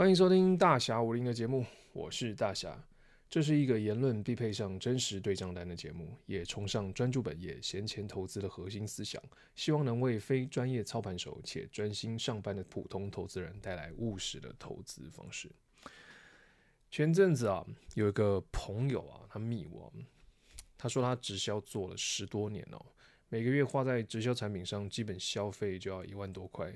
歡迎收聽大俠武林的節目，我是大俠。這是一個言論必配上真實對賬單的節目，也崇尚專注本業、閒錢投資的核心思想，希望能為非專業操盤手且專心上班的普通投資人帶來務實的投資方式。前陣子啊，有一個朋友啊，他密我、啊，他說他直銷做了十多年哦，每個月花在直銷產品上，基本消費就要一萬多塊。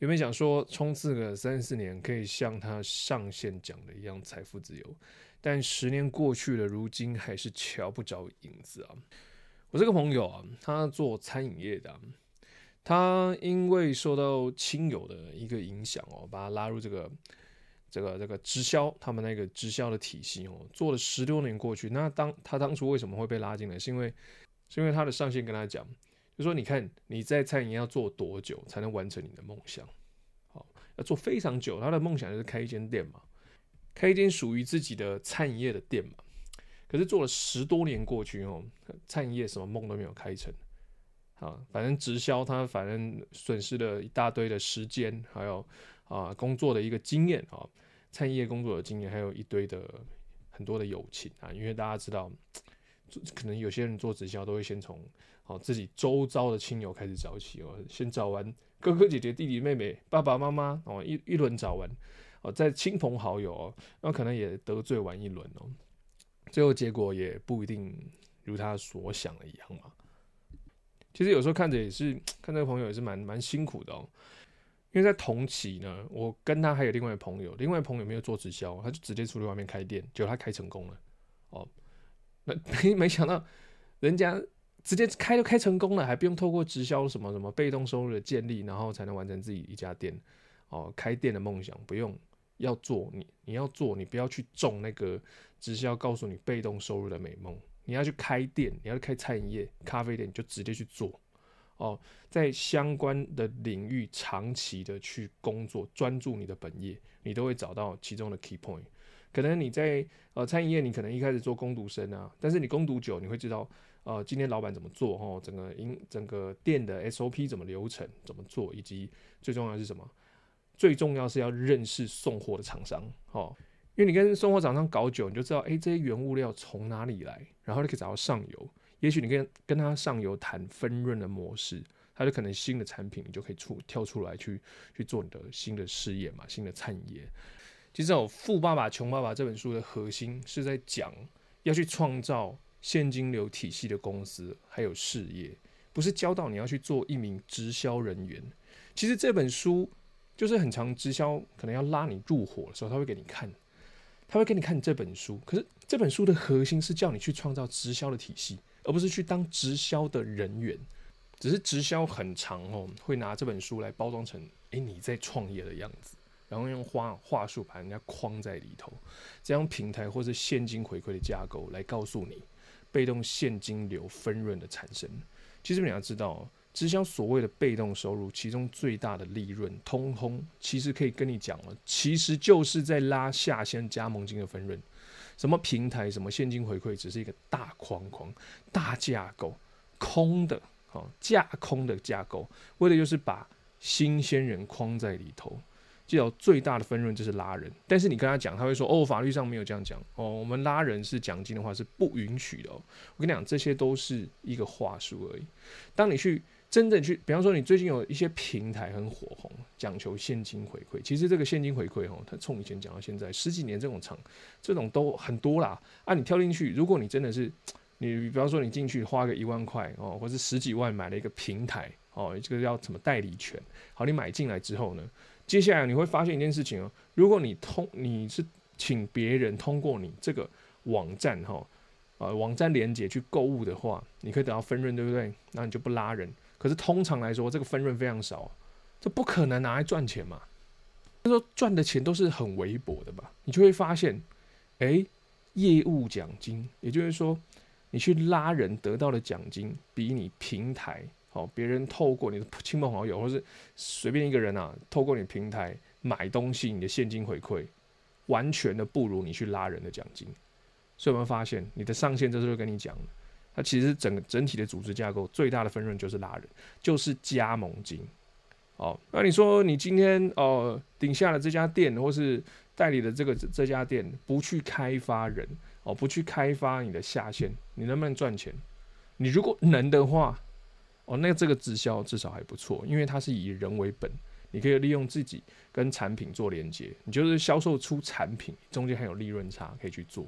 有沒有想說，衝刺個三四年可以像他上線講的一樣，財富自由？但十年過去了，如今還是瞧不着影子啊！我這個朋友啊，他做餐飲業的、啊，他因為受到親友的一個影響哦、喔，把他拉入這個、這個、這個直銷，他們那個直銷的體系哦、喔，做了十多年過去。那他當他當初為什麼會被拉進來？是因為是因為他的上線跟他講，就是、說你看你在餐飲要做多久才能完成你的夢想？做非常久，他的夢想就是開一間店嘛，開一間屬於自己的餐飲業的店嘛。可是做了十多年過去哦，餐飲業什麼夢都沒有開成。啊，反正直銷他反正損失了一大堆的時間，還有啊工作的一個經驗啊，餐飲業工作的經驗，還有一堆的很多的友情啊，因為大家知道。可能有些人做直銷都會先從哦自己周遭的親友開始找起哦，先找完哥哥姐姐、弟弟妹妹、爸爸媽媽哦一一輪找完哦，再親朋好友哦，那可能也得罪完一輪哦，最後結果也不一定如他所想的一樣嘛。其實有時候看着也是看這個朋友也是蠻蠻辛苦的哦，因為在同期呢，我跟他還有另外一個朋友，另外一個朋友沒有做直銷，他就直接出去外面開店，結果他開成功了哦。沒沒想到，人家直接開就開成功了，還不用透過直銷什麼什麼被動收入的建立，然後才能完成自己一家店哦，開店的夢想不用要做你，你你要做你，你不要去中那個直銷告訴你被動收入的美夢，你要去開店，你要去開餐飲業、咖啡店，你就直接去做哦，在相關的領域長期的去工作，專注你的本業，你都會找到其中的 key point。可能你在呃，餐飲業，你可能一開始做工讀生啊，但是你工讀久，你會知道，呃，今天老闆怎麼做，哦，整個營，整個店的 SOP 怎麼流程怎麼做，以及最重要的是什麼？最重要是要認識送貨的廠商，哦，因為你跟送貨廠商搞久，你就知道，誒、欸、這些原物料從哪裡來，然後你可以找到上游，也許你跟跟他上游談分潤的模式，他就可能新的產品，你就可以出跳出來去去做你的新的事業嘛，新的餐飲業。其實《富爸爸窮爸爸》這本書的核心是在講要去創造現金流體系的公司，還有事業，不是教導你要去做一名直銷人員。其實這本書就是很常，直銷可能要拉你入夥的時候，他會給你看，他會給你看你這本書。可是這本書的核心是叫你去創造直銷的體系，而不是去當直銷的人員。只是直銷很常哦，會拿這本書來包裝成，哎，你在創業的樣子。然後用話話術把人家框在裡頭，再用平台或者現金回饋的架構來告訴你被動現金流分潤的產生。其實你要知道，直銷所謂的被動收入，其中最大的利潤，通通其實可以跟你講了，其實就是在拉下線加盟金的分潤。什麼平台，什麼現金回饋，只是一個大框框、大架構空的，好、哦、架空的架構，為的就是把新鮮人框在裡頭。就最大的分潤就是拉人，但是你跟他講，他會說：“哦，法律上沒有這樣講哦，我們拉人是獎金的話是不允許的。”哦，我跟你講，這些都是一個話術而已。當你去真正去，比方說你最近有一些平台很火紅，講求現金回饋，其實這個現金回饋哦，它從以前講到現在十幾年，這種場這種都很多啦。啊，你跳進去，如果你真的是你，比方說你進去花個一萬塊哦，或是十幾萬買了一個平台哦，這個叫什麼代理權？好，你買進來之後呢？接下來你會發現一件事情哦、喔，如果你通你是請別人通過你這個網站哈，呃、啊、網站連結去購物的話，你可以得到分潤，對不對？那你就不拉人。可是通常來說，這個分潤非常少，這不可能拿來賺錢嘛？就是、說賺的錢都是很微薄的吧？你就會發現，哎、欸，業務獎金，也就是說，你去拉人得到的獎金比你平台。好，別人透過你的親朋好友，或是隨便一個人吶、啊，透過你的平台買東西，你的現金回饋，完全的不如你去拉人的獎金。所以我們發現，你的上線就是跟你講了，它其實整個整體的組織架構最大的分潤就是拉人，就是加盟金。哦，那你說你今天呃頂下了這家店，或是代理的這個這家店，不去開發人，哦，不去開發你的下線，你能不能賺錢？你如果能的話，哦，那這個直銷至少還不錯，因為它是以人為本，你可以利用自己跟產品做連接，你就是銷售出產品，中間還有利潤差可以去做。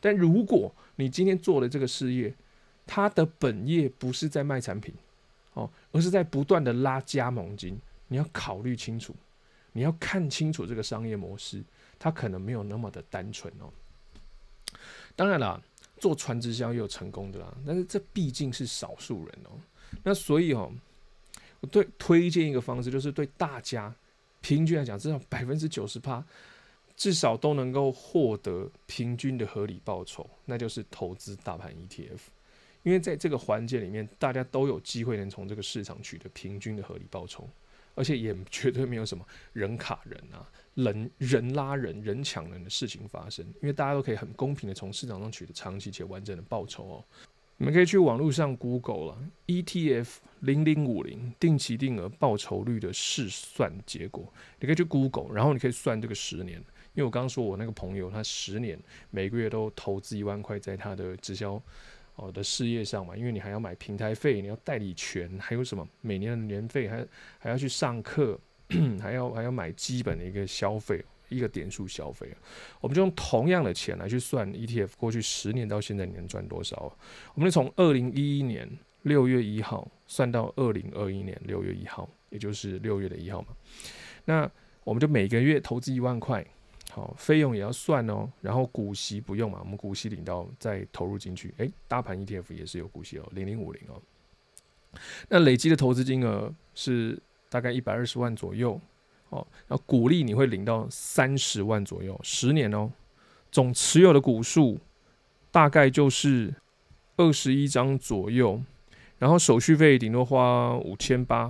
但如果你今天做的這個事業，它的本業不是在賣產品，哦，而是在不斷的拉加盟金，你要考慮清楚，你要看清楚這個商業模式，它可能沒有那麼的單純哦。當然了，做傳直銷也有成功的啦，但是這畢竟是少數人哦。那所以哦，我對推薦一個方式，就是對大家平均來講，至少百分之九十趴至少都能夠獲得平均的合理報酬，那就是投資大盤 ETF。因為在這個環節裡面，大家都有機會能從這個市場取得平均的合理報酬，而且也絕對沒有什麼人卡人啊、人人拉人人搶人的事情發生，因為大家都可以很公平的從市場上取得長期且完整的報酬哦。你們可以去網絡上 Google 了，ETF 0050定期定額報酬率的試算結果。你可以去 Google，然後你可以算這個十年。因為我剛剛說，我那個朋友他十年每個月都投資一萬塊在他的直銷哦的事業上嘛，因為你還要買平台費，你要代理權，還有什麼每年的年費還，還還要去上課，還要還要買基本的一個消費。一個點數消費，我們就用同樣的錢來去算 ETF，過去十年到現在你能賺多少？我們從二零一一年六月一號算到二零二一年六月一號，也就是六月的一號嘛。那我們就每個月投資一萬塊，好，費用也要算哦。然後股息不用嘛，我們股息領到再投入進去。欸，大盤 ETF 也是有股息哦，零零五零哦。那累積的投資金額是大概一百二十萬左右。哦，那股利你會領到三十萬左右，十年哦，總持有的股數大概就是二十一張左右，然後手續費頂多花五千八，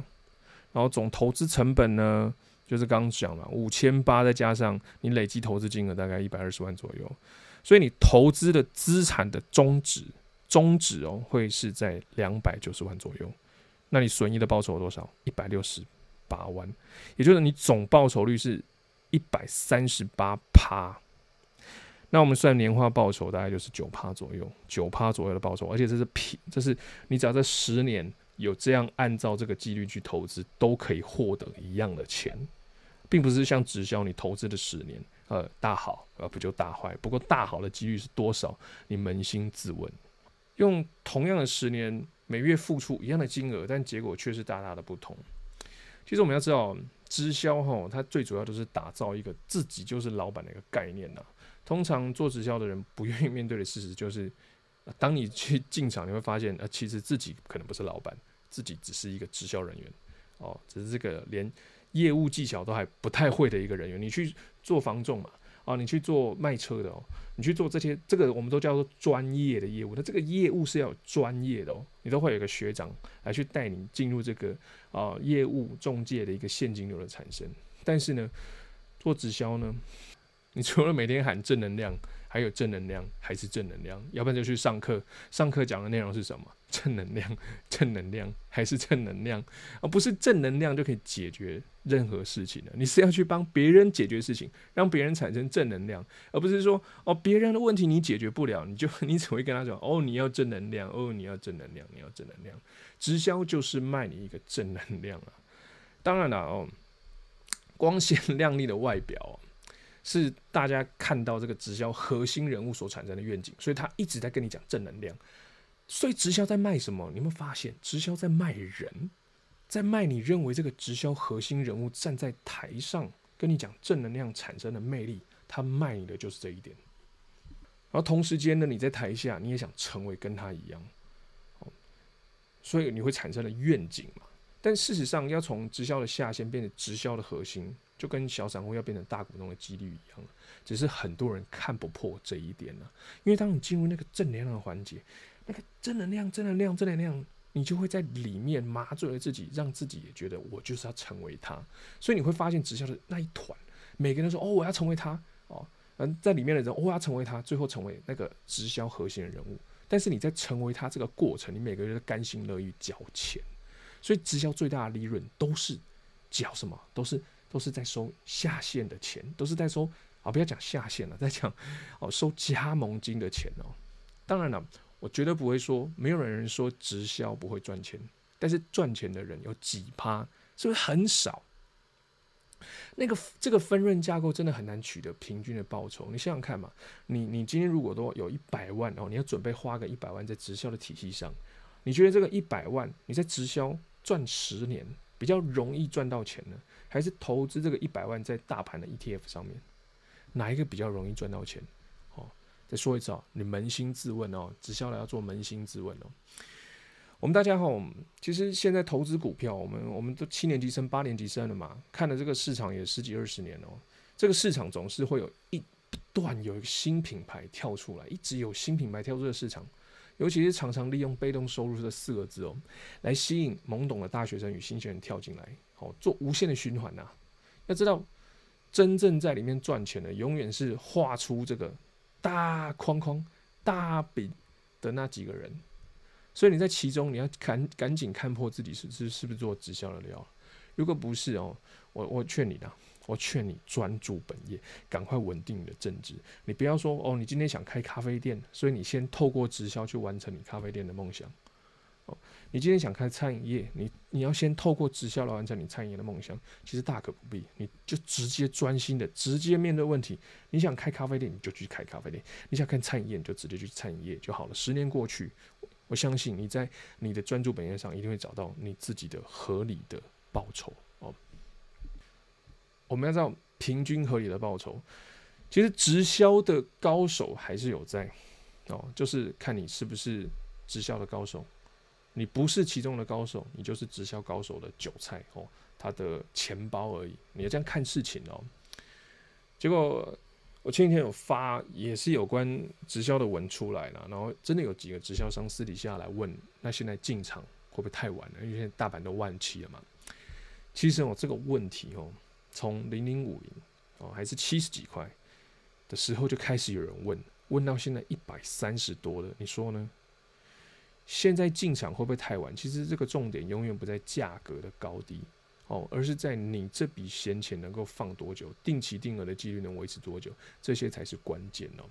然後總投資成本呢，就是剛剛講了五千八，再加上你累計投資金額大概一百二十萬左右，所以你投資的資產的終值終值，哦，會是在兩百九十萬左右，那你損益的報酬有多少？一百六十。八萬，也就是你總報酬率是一百三十八趴，那我們算年化報酬大概就是九趴左右，九趴左右的報酬，而且這是平，這是你只要在十年有這樣按照這個紀律去投資，都可以獲得一樣的錢，並不是像直銷，你投資的十年，呃，大好呃不就大壞，不過大好的幾率是多少？你捫心自問，用同樣的十年，每月付出一樣的金額，但結果卻是大大的不同。其實我們要知道，直銷哈，它最主要就是打造一個自己就是老闆的一個概念吶、啊。通常做直銷的人不願意面對的事實就是，當你去進場，你會發現、呃，其實自己可能不是老闆，自己只是一個直銷人員，哦，只是這個連業務技巧都還不太會的一個人員，你去做房仲嘛。啊，你去做賣車的哦，你去做這些，這個我們都叫做專業的業務。那這個業務是要專業的哦，你都會有一個學長來去帶你進入這個啊業務中介的一個現金流的產生。但是呢，做直銷呢，你除了每天喊正能量。還有正能量，還是正能量？要不然就去上課。上課講的內容是什麼？正能量，正能量，還是正能量？而不是正能量就可以解決任何事情的。你是要去幫別人解決事情，讓別人產生正能量，而不是說哦，別人的問題你解決不了，你就你只會跟他講哦，你要正能量，哦，你要正能量，你要正能量。直銷就是賣你一個正能量啊！當然了哦，光鮮亮麗的外表。是大家看到這個直銷核心人物所產生的願景，所以他一直在跟你講正能量。所以直銷在賣什麼？你有沒有發現，直銷在賣人，在賣你認為這個直銷核心人物站在台上跟你講正能量產生的魅力，他賣你的就是這一點。然後同時間呢，你在台下你也想成為跟他一樣，所以你會產生了願景嘛？但事實上，要從直銷的下線變成直銷的核心。就跟小散戶要變成大股東的幾率一樣，只是很多人看不破這一點呢、啊。因為當你進入那個正能量的環節，那個正能量、正能量、正能量、正能量，你就會在裡面麻醉了自己，讓自己也覺得我就是要成為他。所以你會發現直銷的那一團，每個人都說：“哦，我要成為他哦。”在裡面的人：“哦、我要成為他。”最後成為那個直銷核心的人物。但是你在成為他這個過程，你每個人都甘心樂意交錢，所以直銷最大的利潤都是繳什麼？都是。都是在收下線的錢，都是在收啊、哦！不要講下線了，在講哦，收加盟金的錢哦。當然了，我絕對不會說沒有人說直銷不會賺錢，但是賺錢的人有幾趴，是不是很少？那個這個分潤架構真的很難取得平均的報酬。你想想看嘛，你你今天如果都有一百萬哦，你要準備花個一百萬在直銷的體系上，你覺得這個一百萬你在直銷賺十年，比較容易賺到錢呢？還是投資這個一百萬在大盤的 ETF 上面，哪一個比較容易賺到錢？哦，再說一次哦，你捫心自問哦，直銷來做捫心自問哦。我們大家好，其實現在投資股票，我們我們都七年級生、八年級生了嘛，看了這個市場也十幾二十年了哦。這個市場總是會有一不斷有一個新品牌跳出來，一直有新品牌跳出的市場，尤其是常常利用“被動收入”這四個字哦，來吸引懵懂的大學生與新學生跳進來。好做無限的循環吶、啊,要知道真正在裡面賺錢的，永遠是畫出這個大框框、大餅的那幾個人。所以你在其中，你要趕趕緊看破自己是是是不是做直銷的料。如果不是哦，我我勸你吶，我勸你專注本業，趕快穩定你的正職。你不要說哦，你今天想開咖啡店，所以你先透過直銷去完成你咖啡店的夢想。哦、你今天想開餐飲業，你你要先透過直銷來完成你餐飲業的夢想，其實大可不必，你就直接專心的直接面對問題。你想開咖啡店，你就去開咖啡店；你想開餐飲業，你就直接去餐飲業就好了。十年過去，我相信你在你的專注本業上一定會找到你自己的合理的報酬哦。我們要知道平均合理的報酬，其實直銷的高手還是有在哦，就是看你是不是直銷的高手。你不是其中的高手，你就是直銷高手的韭菜哦，他的錢包而已。你要這樣看事情哦。結果我前幾天有發，也是有關直銷的文出來了，然後真的有幾個直銷商私底下來問，那現在進場會不會太晚了？因為現在大盤都萬七了嘛。其實哦，這個問題哦，從零零五零哦還是七十幾塊的時候就開始有人問，問到現在一百三十多了，你說呢？現在進場會不會太晚？其實這個重點永遠不在價格的高低哦，而是在你這筆閒錢能夠放多久，定期定額的紀律能維持多久，這些才是關鍵哦。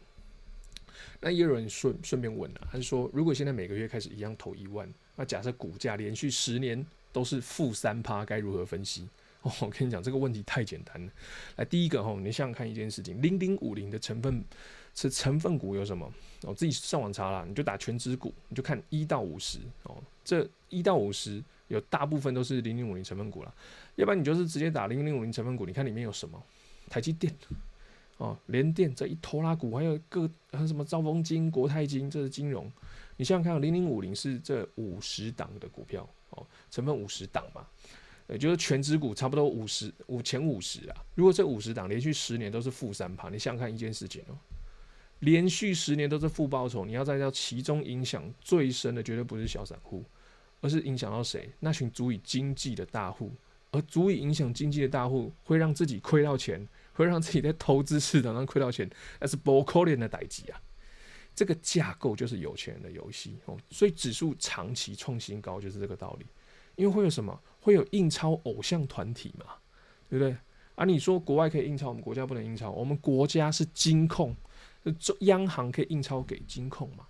那也有人順順便問了、啊，他說：“如果現在每個月開始一樣投一萬，那假設股價連續十年都是負三趴，該如何分析？”哦、我跟你講，這個問題太簡單了。來，第一個哦，你想想看一件事情，零零五零的成分。是成分股有什麼？我、哦、自己上網查啦。你就打權值股，你就看一到五十哦。這一到五十有大部分都是零零五零成分股了。要不然你就是直接打零零五零成分股，你看裡面有什麼？台積電哦，聯電這一拖拉股，還有各還有什麼兆豐金、國泰金，這是金融。你想想看，零零五零是這五十檔的股票哦，成分五十檔嘛，也、呃、就是權值股差不多五十五前五十啊。如果這五十檔連續十年都是負三趴，你想,想看一件事情哦？連續十年都是負報酬，你要知道其中影響最深的，絕對不是小散戶，而是影響到誰？那群足以經濟的大戶，而足以影響經濟的大戶，會讓自己虧到錢，會讓自己在投資市場上虧到錢，那是無可能的代誌啊！這個架構就是有錢人的遊戲哦，所以指數長期創新高就是這個道理，因為會有什麼？會有印鈔偶像團體嘛，對不對？啊，你說國外可以印鈔，我們國家不能印鈔，我們國家是金控。中央行可以印鈔給金控嘛？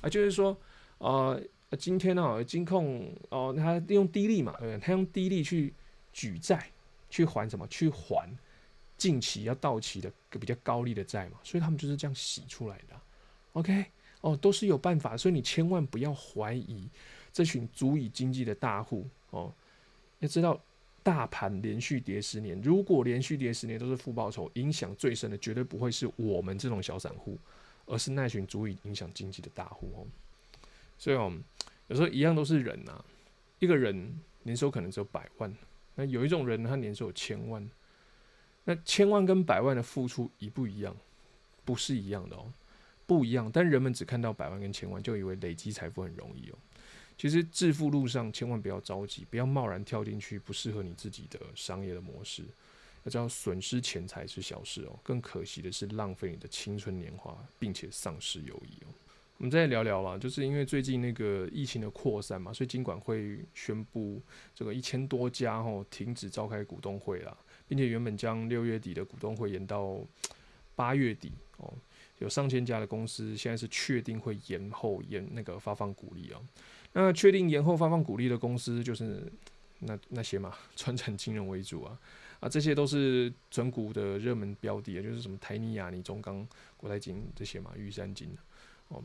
啊，就是說，呃，今天呢、啊，金控哦，他、呃、用低利嘛，對不對？他用低利去舉債，去還什麼？去還近期要到期的比較高利的債嘛？所以他們就是這樣洗出來的。OK，哦，都是有辦法，所以你千萬不要懷疑這群足以經濟的大戶哦，要知道。大盤連續跌十年，如果連續跌十年都是負報酬，影響最深的絕對不會是我們這種小散戶，而是那群足以影響經濟的大戶哦。所以哦，我們有時候一樣都是人吶啊，一個人年收可能只有百萬，那有一種人他年收有千萬，那千萬跟百萬的付出一不一樣？不是一樣的哦，不一樣。但人們只看到百萬跟千萬，就以為累積財富很容易哦。其實致富路上千萬不要着急，不要貿然跳進去不適合你自己的商業的模式，要知道損失錢財是小事哦，更可惜的是浪費你的青春年華，並且喪失友誼哦。我們再來聊聊啦，就是因為最近那個疫情的擴散嘛，所以金管會宣布這個一千多家哦，停止召開股東會啦，並且原本將六月底的股東會延到八月底哦。有上千家的公司，現在是確定會延後延那個發放股利哦。那確定延後發放股利的公司，就是那那些嘛，傳承金融為主啊啊，這些都是存股的熱門標的，就是什麼台泥啊、你中鋼、國泰金這些嘛、玉山金哦、喔。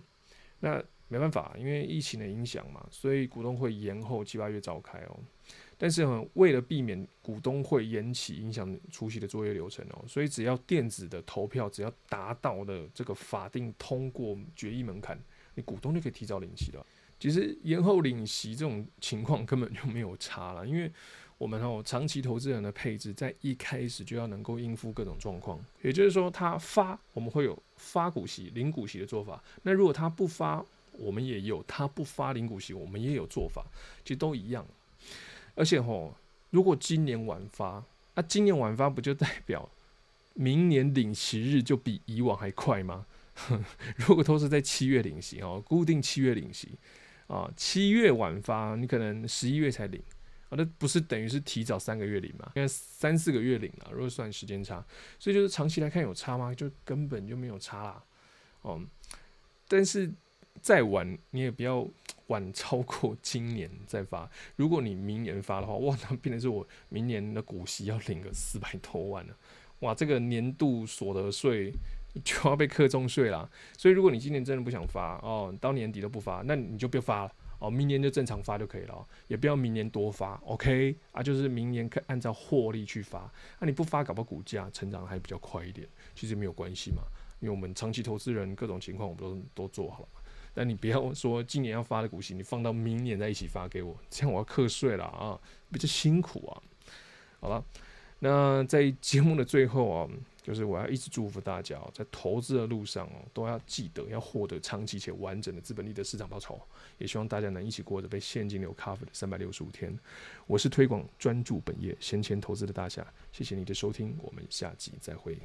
那沒辦法，因為疫情的影響嘛，所以股東會延後七八月召開哦、喔。但是，為了避免股東會延期影響出席的作業流程哦，所以只要電子的投票只要達到了這個法定通過決議門檻，你股東就可以提早領息了。其實延後領息這種情況根本就沒有差啦，因為我們哦、喔、長期投資人的配置在一開始就要能夠應付各種狀況。也就是說，他發我們會有發股息、領股息的做法；那如果他不發，我們也有他不發領股息，我們也有做法，其實都一樣。而且吼，如果今年晚發，那、啊、今年晚發不就代表明年領息日就比以往還快嗎？ 如果都是在七月領息哦，固定七月領息啊，七月晚發，你可能十一月才領啊，那不是等於是提早三個月領嗎？應該三四個月領了，如果算時間差，所以就是長期來看有差嗎？就根本就沒有差啦。嗯，但是再晚你也不要。晚超過今年再發，如果你明年發的話，哇，那變成是我明年的股息要領個四百多萬了、啊，哇，這個年度所得稅就要被課重稅啦。所以如果你今年真的不想發哦，到年底都不發，那你就別發了哦，明年就正常發就可以了，也不要明年多發，OK 啊,就是明年可以按照獲利去發，那、啊、你不發，搞不好股價成長還比較快一點，其實沒有關係嘛，因為我們長期投資人各種情況我們都都做好了。但你不要說今年要發的股息，你放到明年再一起發給我，這樣我要瞌稅了啊，比較辛苦啊。好了，那在節目的最後啊，就是我要一直祝福大家、喔，在投資的路上哦、喔，都要記得要獲得長期且完整的資本利得市場報酬。也希望大家能一起過着被現金流卡 o 的三百六十五天。我是推廣專注本業先前投資的大俠，謝謝你的收聽，我們下集再會。